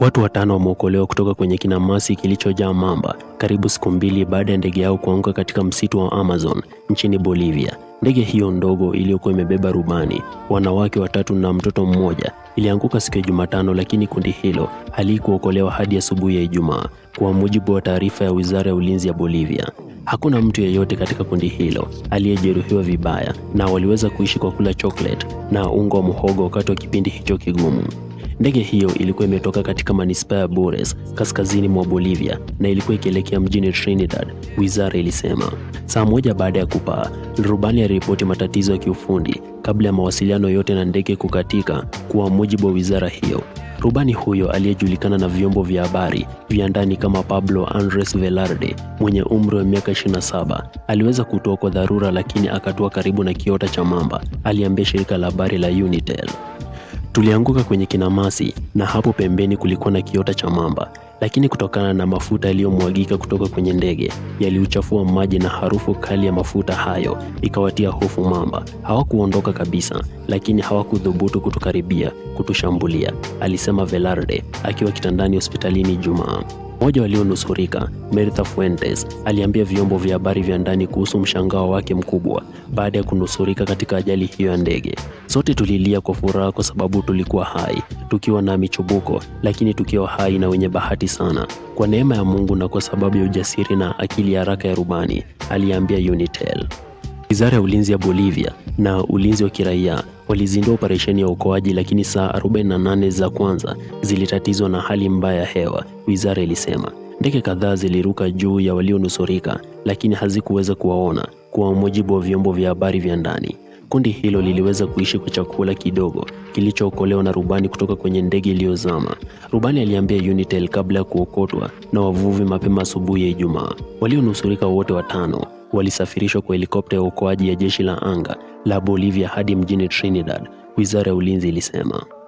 Watu watano wameokolewa kutoka kwenye kinamasi kilichojaa mamba karibu siku mbili baada ya ndege yao kuanguka katika msitu wa Amazon nchini Bolivia. Ndege hiyo ndogo iliyokuwa imebeba rubani, wanawake watatu na mtoto mmoja, ilianguka siku ya Jumatano, lakini kundi hilo halikuokolewa hadi asubuhi ya Ijumaa, kwa mujibu wa taarifa ya Wizara ya Ulinzi ya Bolivia. Hakuna mtu yeyote katika kundi hilo aliyejeruhiwa vibaya na waliweza kuishi kwa kula chocolate na unga wa muhogo wakati wa kipindi hicho kigumu. Ndege hiyo ilikuwa imetoka katika manispaa ya Bures kaskazini mwa Bolivia na ilikuwa ikielekea mjini Trinidad, wizara ilisema. Saa moja baada ya kupaa, rubani aliripoti matatizo ya kiufundi kabla ya mawasiliano yote na ndege kukatika, kwa mujibu wa wizara hiyo. Rubani huyo aliyejulikana na vyombo vya habari vya ndani kama Pablo Andres Velarde mwenye umri wa miaka 27 aliweza kutoa kwa dharura, lakini akatua karibu na kiota cha mamba, aliambia shirika la habari la Unitel. Tulianguka kwenye kinamasi na hapo pembeni kulikuwa na kiota cha mamba, lakini kutokana na mafuta yaliyomwagika kutoka kwenye ndege yaliuchafua maji na harufu kali ya mafuta hayo ikawatia hofu mamba. Hawakuondoka kabisa, lakini hawakudhubutu kutukaribia kutushambulia, alisema Velarde akiwa kitandani hospitalini jumaa mmoja walionusurika, Meritha Fuentes, aliambia vyombo vya habari vya ndani kuhusu mshangao wake mkubwa baada ya kunusurika katika ajali hiyo ya ndege. Sote tulilia kwa furaha kwa sababu tulikuwa hai, tukiwa na michubuko, lakini tukiwa hai na wenye bahati sana. Kwa neema ya Mungu na kwa sababu ya ujasiri na akili ya haraka ya rubani, aliambia Unitel. Wizara ya Ulinzi ya Bolivia na ulinzi wa kiraia Walizindua operesheni ya uokoaji, lakini saa 48 za kwanza zilitatizwa na hali mbaya ya hewa, wizara ilisema. Ndege kadhaa ziliruka juu ya walionusurika, lakini hazikuweza kuwaona, kwa mujibu wa vyombo vya habari vya ndani. Kundi hilo liliweza kuishi kwa chakula kidogo kilichookolewa na rubani kutoka kwenye ndege iliyozama. Rubani aliambia Unitel kabla ya kuokotwa na wavuvi mapema asubuhi ya Ijumaa. Walionusurika wote watano walisafirishwa kwa helikopta ya uokoaji ya jeshi la anga la Bolivia hadi mjini Trinidad, wizara ya ulinzi ilisema.